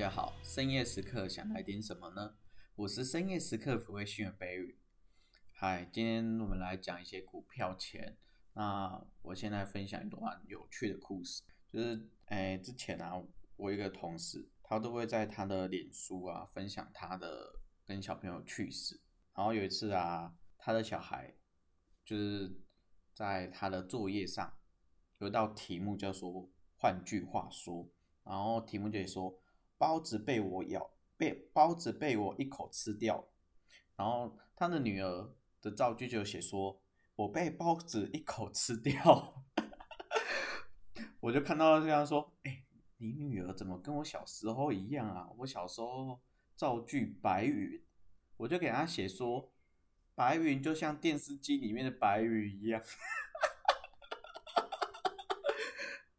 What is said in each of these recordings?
大家好，深夜時刻想來點什麼呢？我是深夜時刻撫慰心靈的 Berry，嗨，今天我們來講一些股票錢。那我現在分享一段有趣的故事，就是誒，之前啊，我一個同事，他都會在他的臉書啊分享他的跟小朋友趣事。然後有一次啊，他的小孩就是在他的作業上有一道題目叫說，叫做換句話說，然後題目就說。包子被我咬，被包子被我一口吃掉，然後他的女兒的造句就寫說，我被包子一口吃掉， 我就看到這樣說，哎、欸，你女兒怎麼跟我小時候一樣啊？我小時候造句白雲，我就給他寫說，白雲就像電視機裡面的白雲一樣。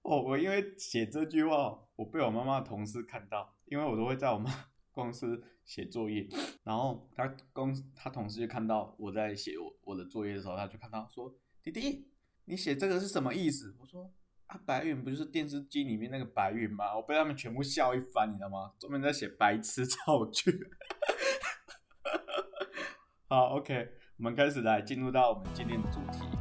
我、哦、我因為寫這句話，我被我媽媽的同事看到，因為我都會在我媽公司寫作業，然後他公他同事就看到我在寫我我的作業的時候，他就看到說，弟弟，你寫這個是什麼意思？我說啊，白雲不就是電視機裡面那個白雲嗎？我被他們全部笑一番，你知道嗎？專門在寫白痴造句。好，OK，我們開始來進入到我們今天的主題。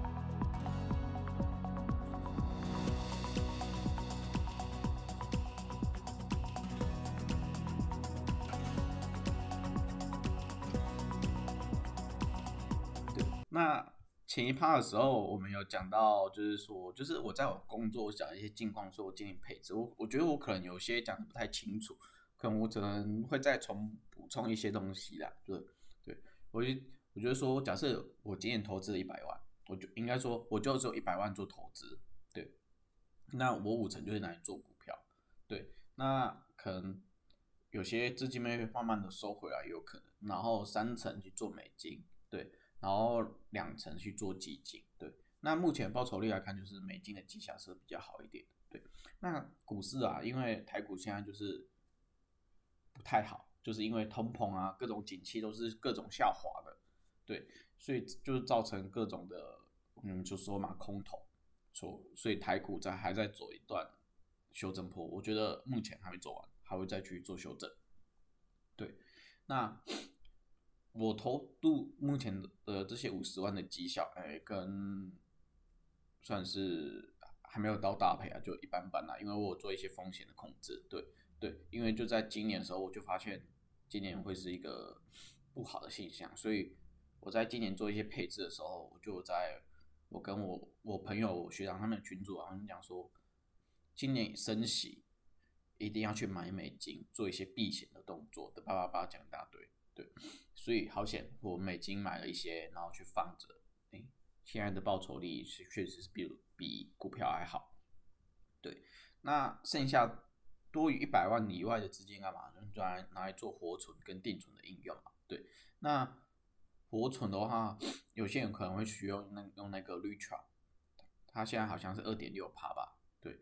前一趴的時候，我們有講到，就是說，就是我在我工作我講一些近況說，說我進行配置，我我覺得我可能有些講的不太清楚，可能我可能會再重補充一些東西啦，就是對，對我覺我覺得說，假設我今年投資了一百萬，我就應該說我就只有一百萬做投資，對，那我五成就是拿來做股票，對，那可能有些資金會慢慢的收回來，有可能，然後三成去做美金，對。然後兩層去做基金，對。那目前報酬率來看，就是美金的績效是比較好一點。對，那股市啊，因為台股現在就是不太好，就是因為通膨啊，各種景氣都是各種下滑的，對，所以就是造成各種的，嗯，就說嘛空頭，所以台股在還在走一段修正波，我覺得目前還沒做完，還會再去做修正。對，那。我投度目前的，呃、這些五十萬的績效，哎，欸，跟算是還沒有到搭配啊，就一般般啦，啊。因為我有做一些風險的控制，對對，因為就在今年的時候，我就發現今年會是一個不好的現象，所以我在今年做一些配置的時候，就我就在我跟我我朋友我學長他們的群組啊，他們講說今年升息，一定要去買美金，做一些避險的動作，的叭叭叭講一大堆。對，所以好險，我美金買了一些，然後去放着。哎，現在的報酬率是確實是比比股票還好。對，那剩下多於一百萬以外的資金幹嘛？用來拿來做活存跟定存的應用嘛？對，那活存的話，有些人可能會需要那用那個綠券。它現在好像是二點六趴吧？對，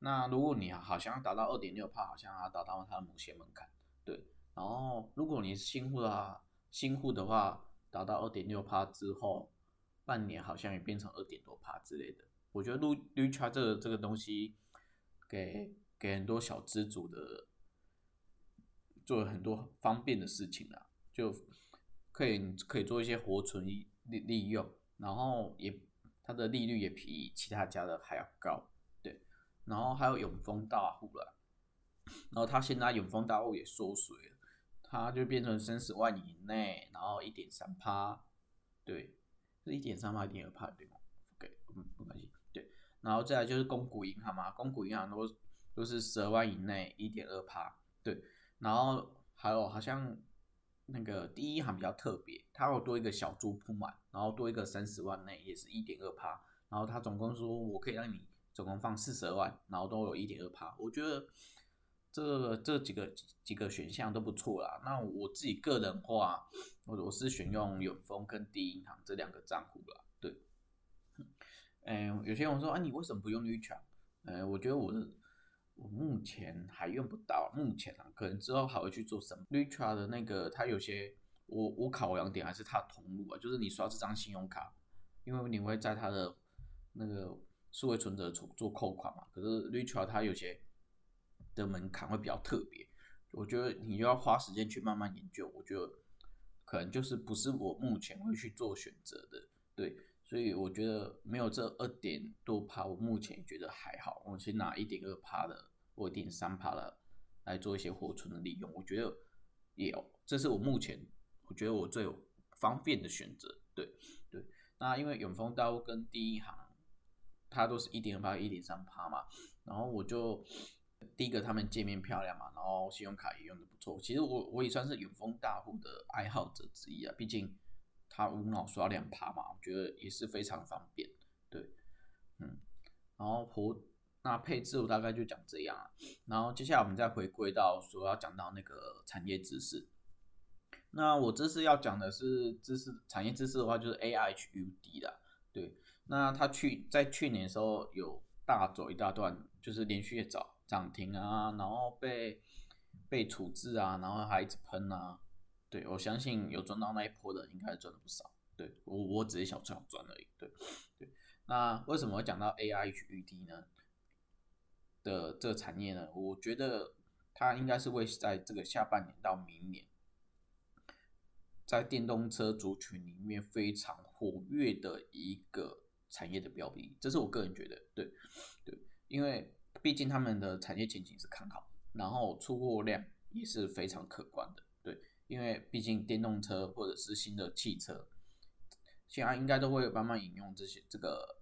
那如果你好像達到二點六趴，好像還達到它的某些門檻。對。然後，如果你是新戶的話，新戶的話達到二點六趴之後，半年好像也變成二點多趴之類的。我覺得擼綠差這個、這個東西，給給很多小資族的做了很多很方便的事情了，就可以可以做一些活存利利用，然後也它的利率也比其他家的還要高。對，然後還有永豐大戶了，然後他現在永豐大戶也縮水。它就變成三十萬以內，然後一點三趴，對，是一點三趴一點二趴對嗎？OK，嗯，沒關係。對，然後再來就是公股銀行嘛，公股銀行都都是十、就是十二萬以內一點二趴，對，然後還有好像那個第一行比較特別，它有多一個小豬撲滿，然後多一個三十萬內也是一點二趴，然後他總共說我可以讓你總共放四十萬，然後都有一點二趴，我覺得。這這幾個幾，幾個選項都不錯啦。那我自己個人的話，我我是選用永豐跟低銀行這兩個賬戶了。對，嗯，有些人說啊，你為什麼不用 Richart？嗯，我覺得我是，我目前還用不到，目前啊，可能之後還會去做什麼。Richart 的那個，他有些，我我考量點還是他同路啊，就是你刷這張信用卡，因為你會在他的那個數位存摺處做扣款嘛。可是 Richart 他有些。的門檻會比較特別，我覺得你就要花時間去慢慢研究。我覺得可能就是不是我目前會去做選擇的，對。所以我覺得沒有這二點多趴，我目前覺得還好。我先拿一點二趴的或，或一點三趴的來做一些活存的利用，我覺得也有，這是我目前我覺得我最有方便的選擇。對對，那因為永豐刀跟第一行，它都是一點二趴、一點三趴嘛，然後我就。第一個，他們界面漂亮嘛，然後信用卡也用得不錯。其實我我也算是永豐大戶的愛好者之一啊，畢竟他無腦刷兩趴嘛，我覺得也是非常方便。對，嗯，然後活那配置我大概就講這樣啊。然後接下來我們再回歸到說要講到那個產業知識。那我這次要講的是知識產業知識的話，就是 AR HUD 的。對，那他去在去年的時候有大走一大段，就是連續漲漲停啊，然後被被處置啊，然後還一直噴啊。對，我相信有賺到那一波的，應該賺了不少。對，我我只是想賺，賺而已。對對。那為什麼講到 AR HUD 呢？的這個產業呢？我覺得它應該是會在這個下半年到明年，在電動車族群裡面非常活躍的一個產業的標的，這是我個人覺得。對對，因為。畢竟他們的產業前景是看好，然後出貨量也是非常可觀的，對，因為畢竟電動車或者是新的汽車，現在應該都會有慢慢引用這些這個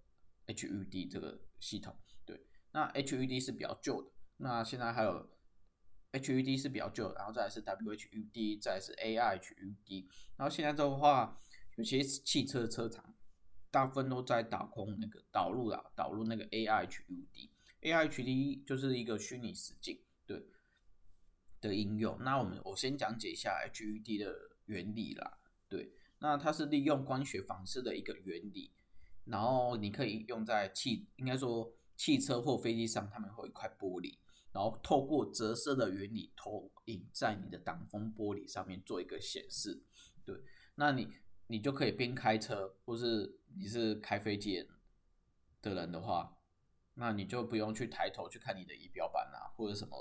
HUD 這個系統，對，那 HUD 是比較舊的，那現在還有 HUD 是比較舊，然後再是 WHUD，再是 ARHUD，然後現在的話，有些汽車車廠大部分都在打空那個導入啊，導入那個 ARHUD。AR HUD 就是一個虛擬實境，對的應用。那我們我先講解一下 HUD 的原理啦。對，那它是利用光學反射的一個原理，然後你可以用在汽，應該說汽車或飛機上，他們會有一塊玻璃，然後透過折射的原理投影在你的擋風玻璃上面做一個顯示。對，那你你就可以邊開車或是你是開飛機的人的話。那你就不用去抬頭去看你的儀表板啊，或者什麼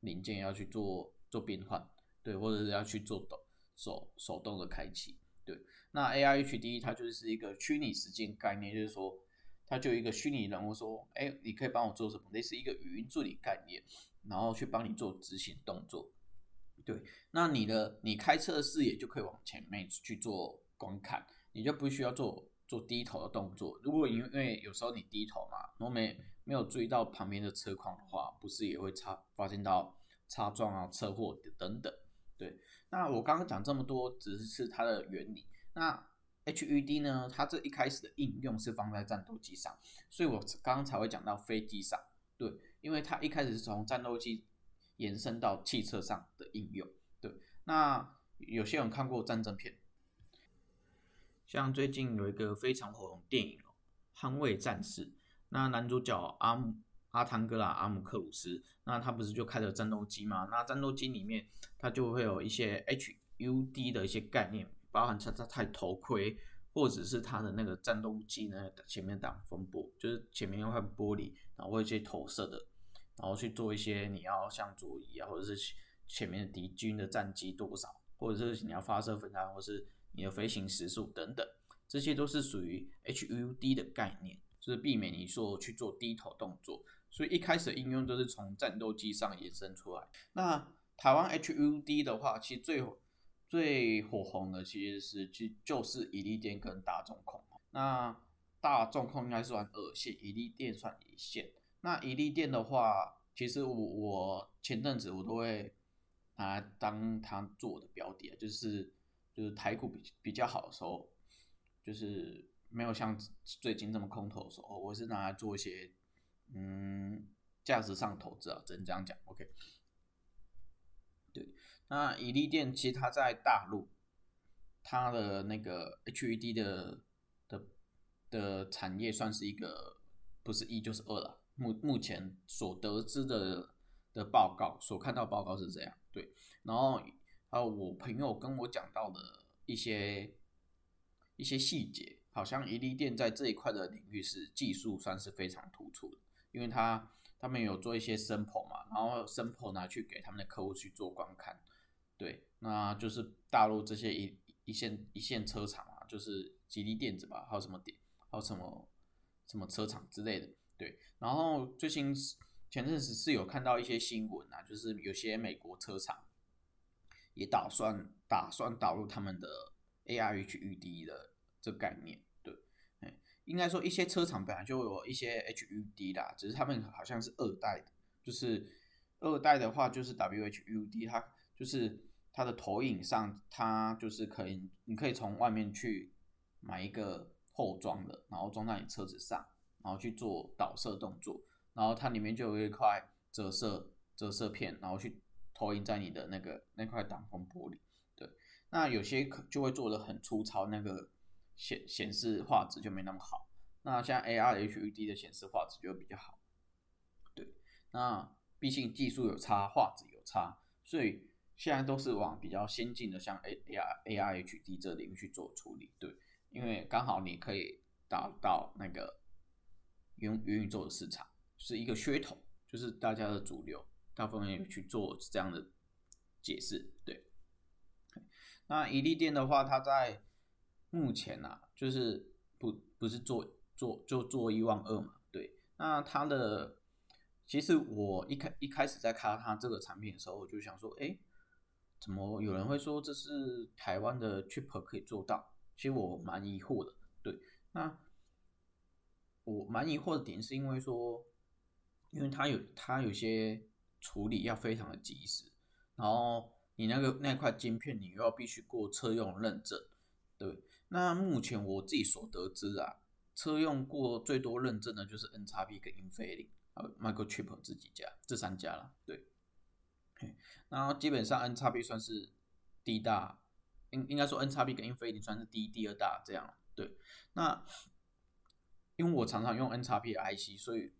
零件，要去做做變換，對，或者是要去做手手動的開啟，對。那 AR HUD 它就是一個虛擬實境概念，就是說它就一個虛擬人物說，哎、欸，你可以幫我做什麼？類似一個語音助理概念，然後去幫你做執行動作，對。那你的你開車的視野就可以往前面去做觀看，你就不需要做做低頭的動作。如果因為有時候你低頭嘛。若沒沒有注意到旁邊的車況的話，不是也會差發生到擦撞啊、車禍、啊、等等。對，那我剛剛講這麼多，只是它的原理。那 HUD 呢？它這一開始的應用是放在戰鬥機上，所以我剛剛才會講到飛機上。對，因為它一開始是從戰鬥機延伸到汽車上的應用。對，那有些人看過戰爭片，像最近有一個非常火的電影《捍衛戰士》。那男主角阿阿湯哥啦，阿姆克魯斯，那他不是就開着戰鬥機嗎？那戰鬥機裡面，他就會有一些 HUD 的一些概念，包含他他戴頭盔，或者是他的那個戰鬥機呢，前面擋風玻璃，就是前面一塊玻璃，然後會有一些投射的，然後去做一些你要向左移啊，或者是前面的敵軍的戰機多少，或者是你要發射飛彈啊，或者是你的飛行時速等等，這些都是屬於 HUD 的概念。就是避免你說去做低頭動作，所以一開始的應用都是從戰鬥機上延伸出來。那台灣 HUD 的話，其實最最火紅的其實是就就是怡利電跟大眾控。那大眾控應該是算二線，怡利電算一線。那怡利電的話，其實我我前陣子我都會拿來當它做我的標的啊，就是就是台股比比較好的時候，就是。沒有像最近這麼空頭的時候，我是拿來做一些嗯價值上投資啊，只能這樣講。OK，對，那怡利電其實它在大陸，它的那個 HUD 的的的產業算是一個不是一就是二了。目目前所得知的的報告，所看到報告是這樣。對，然後還有、啊、我朋友跟我講到的一些一些細節。好像吉利電在這一塊的領域是技術算是非常突出的。因為他他們有做一些 simple 嘛，然後 simple 拿去給他們的客戶去做觀看，對，那就是大陸這些一一線一線車廠啊，就是吉利電子吧，還有什麼點，還有什麼什麼車廠之類的，對，然後最近前陣子是有看到一些新聞啊，就是有些美國車廠也打算打算導入他們的 AR HUD 的。這概念對，哎，應該說一些車廠本來就有一些 HUD 啦，只是他們好像是二代的，就是二代的話就是 WHUD，它就是它的投影上它就是可以，你可以從外面去買一個後裝的，然後裝在你車子上，然後去做導射動作，然後它裡面就有一塊折射折射片，然後去投影在你的那個那塊擋風玻璃，對，那有些可就會做得很粗糙那個。顯顯示畫質就沒那麼好，那像 AR HUD 的顯示畫質就會比較好。對，那畢竟技術有差，畫質有差，所以現在都是往比較先進的像 AR AR HUD 這裡面去做處理。對，因為剛好你可以達到那個元元宇宙的市場是一個噱頭，就是大家的主流，大部分人也去做這樣的解釋。對，那怡利電的話，它在。目前吶、啊，就是不不是做做就做一萬二嘛，對。那它的其實我一開一開始在看到它這個產品的時候，我就想說，哎、欸，怎麼有人會說這是台灣的 chipper 可以做到？其實我蠻疑惑的。對，那我蠻疑惑的點是因為說，因為它有它有些處理要非常的及時，然後你那個那塊晶片，你又要必須過車用認證，對。那目前我自己所得知啊，車用過最多認證的，就是 NXP 跟 Infineon Microchip 自己家這三家了。對，然後基本上 NXP 算是第一大，應應該說 NXP 跟 Infineon 算是第一、第二大這樣。對，那因為我常常用 NXP 的 IC，所以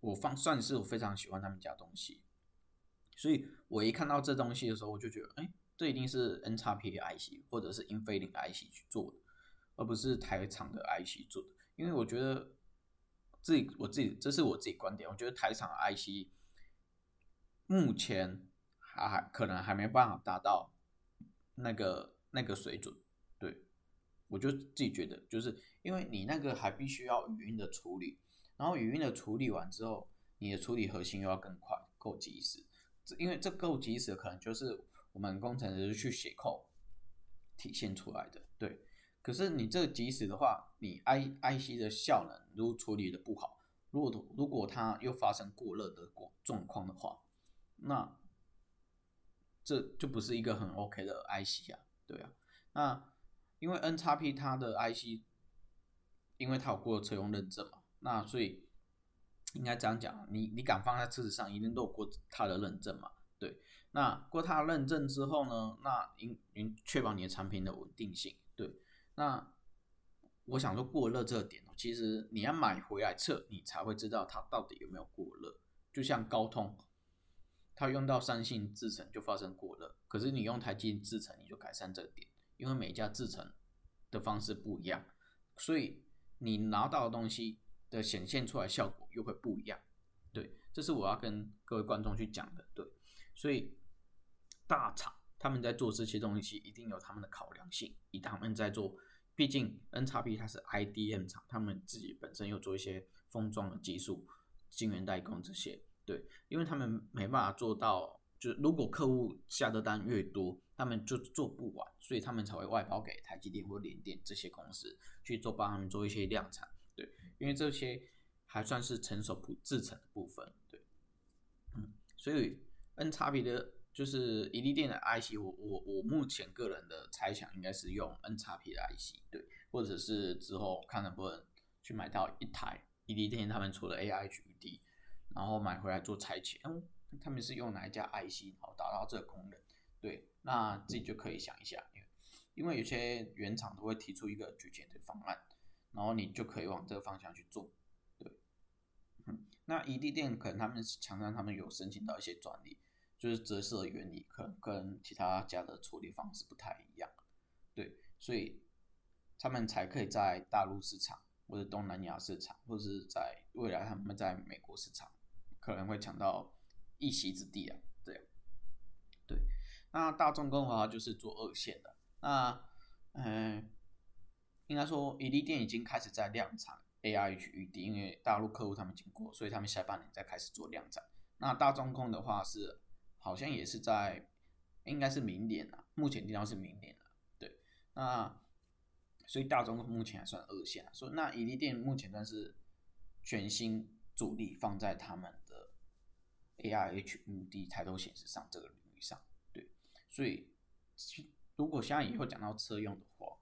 我放算是我非常喜歡他們家的東西，所以我一看到這東西的時候，我就覺得，哎，這一定是 NXP 的 IC 或者是 Infineon 的 IC 去做的。而不是台廠的 IC 做的，因為我覺得自己我自己這是我自己觀點，我覺得台廠的 IC 目前還可能還沒辦法達到那個那個水準。對，我就自己覺得，就是因為你那個還必須要語音的處理，然後語音的處理完之後，你的處理核心又要更快、夠及時。因為這夠及時，可能就是我們工程師去寫 code 體現出來的，對。可是你這個即使的話，你 I I C 的效能如果處理的不好，如果如果它又發生過熱的狀狀況的話，那這就不是一個很 OK 的 I C 啊，對啊。那因為 NXP 它的 I C，因為它有過車用認證嘛，那所以應該這樣講，你你敢放在車子上，一定都有過它的認證嘛，對。那過它認證之後呢，那應確保你的產品的穩定性。那我想說過熱這點，其實你要買回來測，你才會知道它到底有沒有過熱。就像高通，它用到三星製程就發生過熱，可是你用台積製程，你就改善這個點，因為每一家製程的方式不一樣，所以你拿到的東西的顯現出來效果又會不一樣。對，這是我要跟各位觀眾去講的。對，所以大廠他們在做這些東西一定有他們的考量性，以他們在做。畢竟 NXP 它是 IDM 廠，他們自己本身又做一些封裝的技術、晶圓代工這些，對，因為他們沒辦法做到，就是如果客戶下的單越多，他們就做不完，所以他們才會外包給台積電或聯電這些公司去做幫他們做一些量產，對，因為這些還算是成熟不製程的部分，對，嗯，所以 NXP 的。就是怡利電的 IC，我我我目前個人的猜想應該是用 NXP 的 IC，對，或者是之後看能不能去買到一台怡利電他們出的 AR HUD 然後買回來做拆解、嗯，他們是用哪一家 IC 好達到這個功能？對，那自己就可以想一下，因為,因為有些原廠都會提出一個舉薦的方案，然後你就可以往這個方向去做，對，嗯，那怡利電可能他們是強調他們有申請到一些專利。就是折射原理，可能跟其他家的處理方式不太一樣，對，所以他們才可以在大陸市場，或者東南亞市場，或者是在未來他們在美國市場，可能會搶到一席之地啊，對，對，那大眾控的話就是做二線的，那嗯、呃，應該說，怡利電已經開始在量產 AR HUD，因為大陸客戶他們經過，所以他們下半年再開始做量產，那大眾控的話是。好像也是在，應該是明年了。目前地方是明年了，對。那所以大眾目前還算二線了，所以那怡利電目前算是全新主力，放在他們的 AR HUD 抬頭顯示上這個領域上，對。所以如果像以後講到車用的話，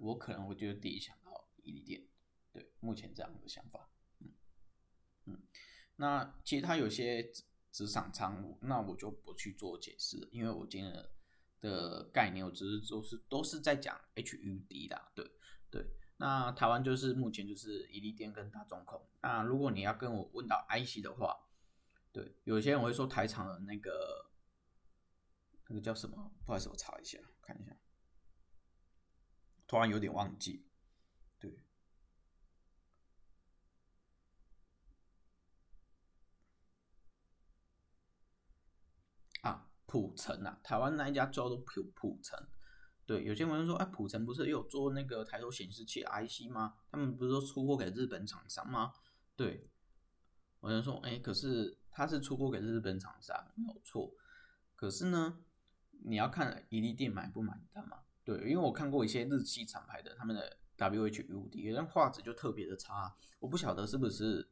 我可能我就第一想到怡利電，對，目前這樣的想法。嗯，嗯，那其他有些。場上倉，那我就不去做解釋，因為我今天的概念，我只是就是都是在講 HUD 的，對對。那台灣就是目前就是怡利電跟大眾控。那如果你要跟我問到 IC 的話，對，有些人會說台廠的那個那個叫什麼？不好意思，我查一下，看一下，突然有點忘記。浦城啊，台灣那一家叫做普普城，對，有些朋友說啊，普城不是有做那個抬頭顯示器 IC 嗎？他們不是說出貨給日本廠商嗎？對，我就說，哎、欸，可是他是出貨給日本廠商，沒有錯。可是呢，你要看 E D 店買不買單嘛？對，因為我看過一些日系廠牌的，他們的 W H U D，有些畫質就特別的差。我不曉得是不是，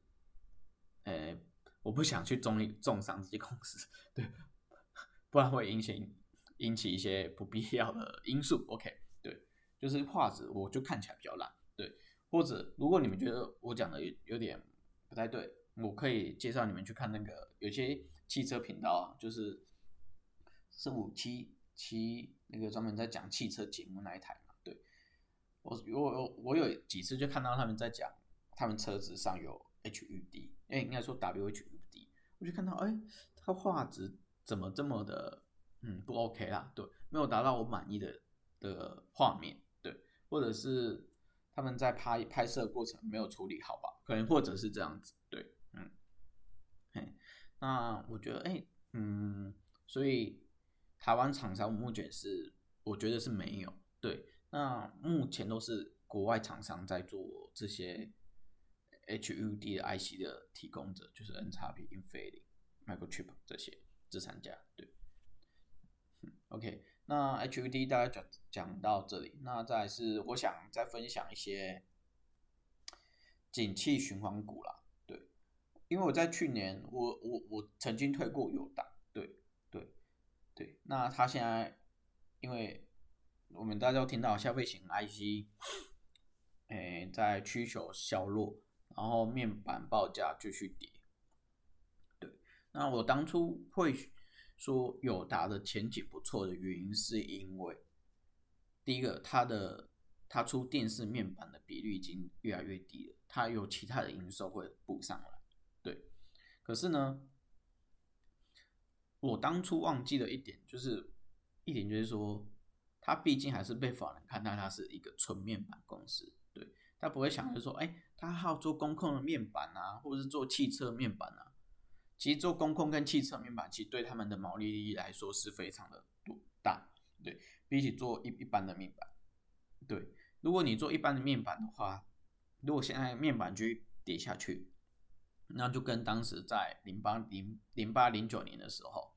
哎、欸，我不想去中中傷這些公司，對。不然會引起引起一些不必要的因素。OK，對，就是畫質，我就看起來比較爛。對，或者如果你們覺得我講的有有點不太對，我可以介紹你們去看那個有些汽車頻道啊，就是四五七七那個專門在講汽車節目那一台嘛。對，我我我我有幾次就看到他們在講他們車子上有 HUD，哎，應該說 WHUD，我就看到哎、欸，它畫質。怎麼這麼的，嗯，不 OK 啦？對，沒有達到我滿意的的畫面，對，或者是他們在拍拍攝過程沒有處理好吧？可能或者是這樣子，對，嗯，那我覺得，哎、欸，嗯，所以台灣廠商目前是，我覺得是沒有，對，那目前都是國外廠商在做這些 HUD 的 IC 的提供者，就是 NXP、Infineon、Microchip 這些。資產價對、嗯、，OK，那 HUD 大概講講到這裡，那再是我想再分享一些景氣循環股啦，對，因為我在去年我我我曾經推過友達，對對對，那他現在因為我們大家都聽到消費型 IC，誒，在需求削弱，然後面板報價繼續跌。那我當初會說友達的前景不錯的原因，是因為第一個，它的它出電視面板的比率已經越來越低了，它有其他的營收會補上來。對，可是呢，我當初忘記了一點，就是一點就是說，它畢竟還是被法人看待它是一個純面板公司，對，他不會想就說，哎、欸，他好做工控的面板啊，或者是做汽車面板啊。其實做工控跟汽車面板，其實對他們的毛利率來說是非常的大，對，比起做一一般的面板。對，如果你做一般的面板的話，如果現在面板繼續跌下去，那就跟當時在零八零零八零九年的時候，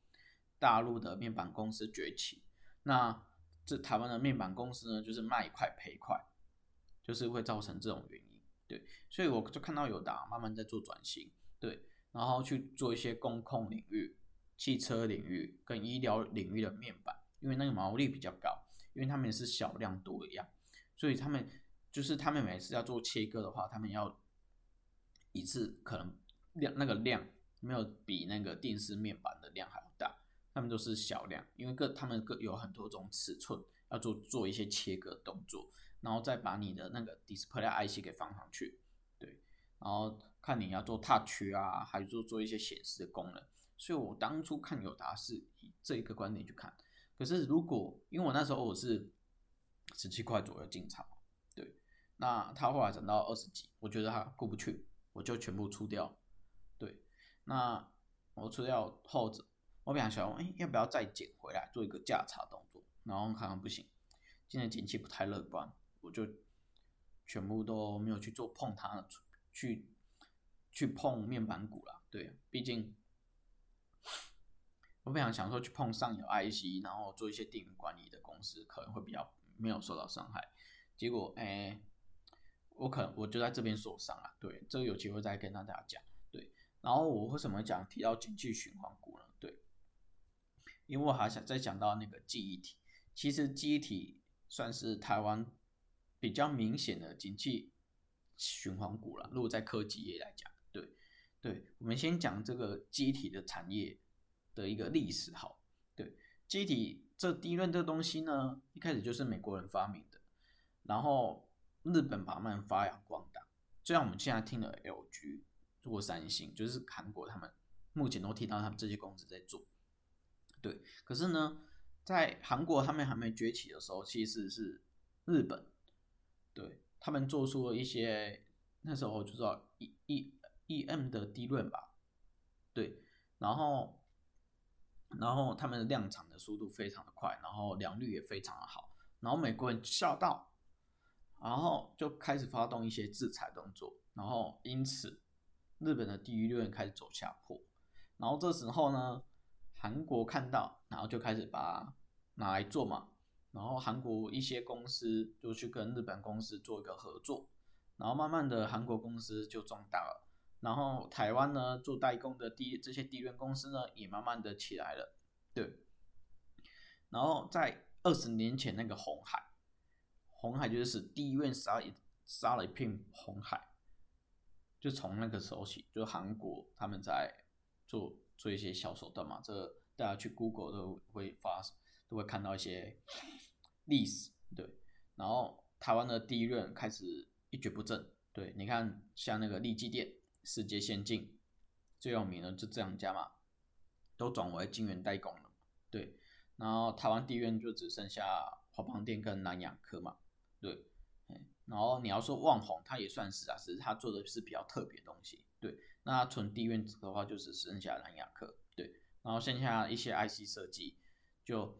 大陸的面板公司崛起，那這台灣的面板公司呢，就是賣一塊賠一塊，就是會造成這種原因。對，所以我就看到有的慢慢在做轉型。對。然後去做一些工控領域、汽車領域跟醫療領域的面板，因為那個毛利比較高，因為他們是小量多一樣，所以他們就是他們每次要做切割的話，他們要一次可能量那個量沒有比那個電視面板的量還要大，他們都是小量，因為各他們各有很多種尺寸要做做一些切割動作，然後再把你的那個 display IC 給放上去，對，然後。看你要做 touch 啊，還是說做一些顯示的功能，所以我當初看友達是以這一個觀點去看。可是如果因為我那時候我是十七塊左右進場，對，那他後來漲到二十幾，我覺得他過不去，我就全部出掉。對，那我出掉後者，我比較想，哎、欸，要不要再撿回來做一個價差動作，然後看看不行，今天景氣不太樂觀，我就全部都沒有去做碰它去。去碰面板股啦，對，畢竟我不想想說去碰上游 IC，然後做一些電源管理的公司，可能會比較沒有受到傷害。結果，哎、欸，我可能我就在這邊受傷啊。對，這個有機會再跟大家講。對，然後我為什麼會講提到景氣循環股呢？對，因為我還想再講到那個記憶體，其實記憶體算是台灣比較明顯的景氣循環股了。如果在科技業來講，對，我們先講這個機體的產業的一個歷史，好。對，機體這第一輪這東西呢，一開始就是美國人發明的，然後日本把他們發揚光大。就像我們現在聽了 LG，或三星，就是韓國他們目前都聽到他們這些公司在做。對，可是呢，在韓國他們還沒崛起的時候，其實是日本，對他們做出了一些那時候就知道一一。一 E.M 的 DRAM 吧，對，然後，然後他們的量產的速度非常的快，然後良率也非常的好，然後美國人嚇到，然後就開始發動一些制裁動作，然後因此日本的 DRAM 開始走下坡，然後這時候呢，韓國看到，然後就開始把拿來做嘛，然後韓國一些公司就去跟日本公司做一個合作，然後慢慢的韓國公司就壯大了。然後台灣呢，做代工的 DRAM，這些 DRAM 公司呢，也慢慢的起來了，對。然後在二十年前那個紅海，紅海就是 DRAM 殺一殺了一片紅海，就從那個時候起，就韓國他們在做做一些小手段嘛，這大家去 Google 都會發都會看到一些歷史，對。然後台灣的 DRAM 開始一蹶不振，對，你看像那個利基店。世界先進最有名的就這兩家嘛，都轉為晶圓代工了。對，然後台灣地院就只剩下華邦電跟南亞科嘛。對，哎、欸，然後你要說旺宏它也算是啊，只是它做的是比較特別的東西。對，那純地院的話，就只剩下南亞科。對，然後剩下一些 IC 設計，就，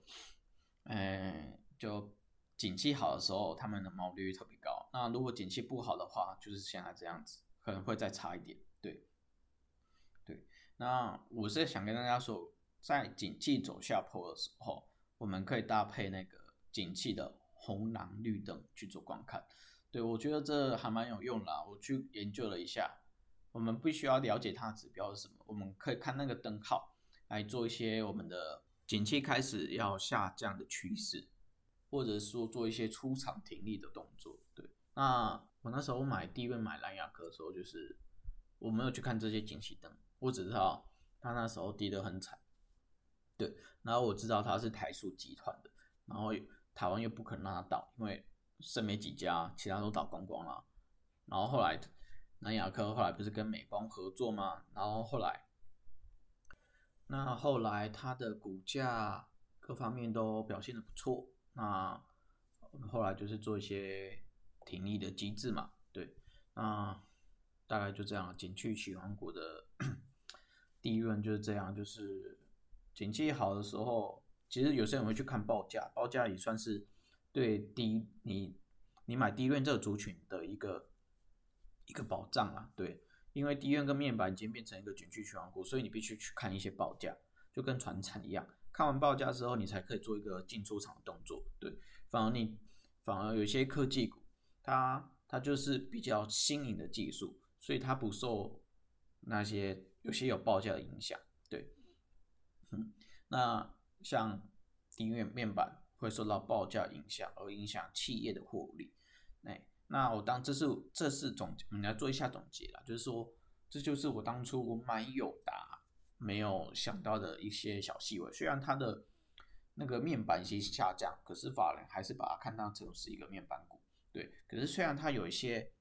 哎、欸，就景氣好的時候，他們的毛利率特別高。那如果景氣不好的話，就是現在這樣子。可能會再差一點，對，對。那我是想跟大家說，在景氣走下坡的時候，我們可以搭配那個景氣的紅藍綠燈去做觀看。對，我覺得這還蠻有用的啊，我去研究了一下，我們不需要了解它的指標是什麼，我們可以看那個燈號來做一些我們的景氣開始要下降的趨勢，或者說做一些出場停利的動作。對，那。我那時候買低位買南亞科的時候，就是我沒有去看這些景氣燈，我只知道他那時候跌得很慘，對，然後我知道他是台塑集團的，然後台灣又不可能讓他倒，因為剩沒幾家，其他都倒光光了。然後後來南亞科後來不是跟美光合作嗎？然後後來那後來它的股價各方面都表現的不錯，那我們後來就是做一些。停利的機制嘛，對，那大概就這樣，景氣循環股的 DRAM 就是這樣，就是景氣好的時候，其實有些人會去看報價，報價也算是對 DRAM 你你買 DRAM 這個族群的一個一個保障啊，對，因為 DRAM 跟面板已經變成一個景氣循環股，所以你必須去看一些報價，就跟傳產一樣，看完報價之後你才可以做一個進出場的動作，對，反而你反而有些科技股，它它就是比較新穎的技術，所以它不受那些有些有報價的影響。對，嗯，那像底面面板會受到報價影響而影響企業的獲利。欸，那我當這是這是總我們來做一下總結了，就是說這就是我當初我買友達沒有想到的一些小細微。雖然它的那個面板已經下降，可是法人還是把它看當成是一個面板股。對，可是雖然它有一些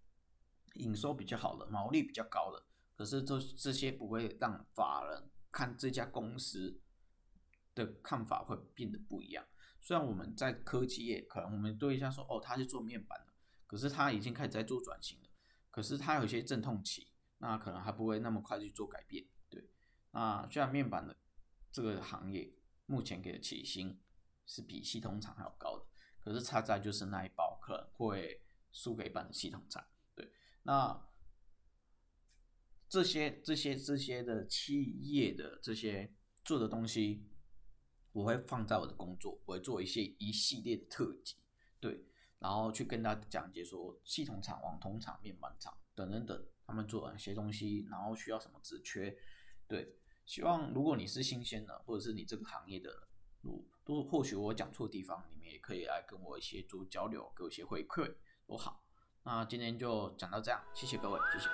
營收比較好的，毛利比較高的，可是這這些不會讓法人看這家公司的看法會變得不一樣。雖然我們在科技業，可能我們對一下說，哦，他是做面板的，可是他已經開始在做轉型了，可是他有一些陣痛期，那可能還不會那麼快去做改變。對，那雖然面板的這個行業目前給的起薪是比系統廠還要高的，可是差在就是那一包。會輸給板的系統廠，對，那這些這些這些的企業的這些做的東西，我會放在我的工作，我會做一些一系列的特輯，對，然後去跟他講解說系統廠、網通廠、面板廠等等，等等，他們做哪些東西，然後需要什麼職缺，對，希望如果你是新鮮的，或者是你這個行業的都或許我講錯地方，你們也可以來跟我一些做交流，給我一些回饋，多好。那今天就講到這樣，謝謝各位，謝謝。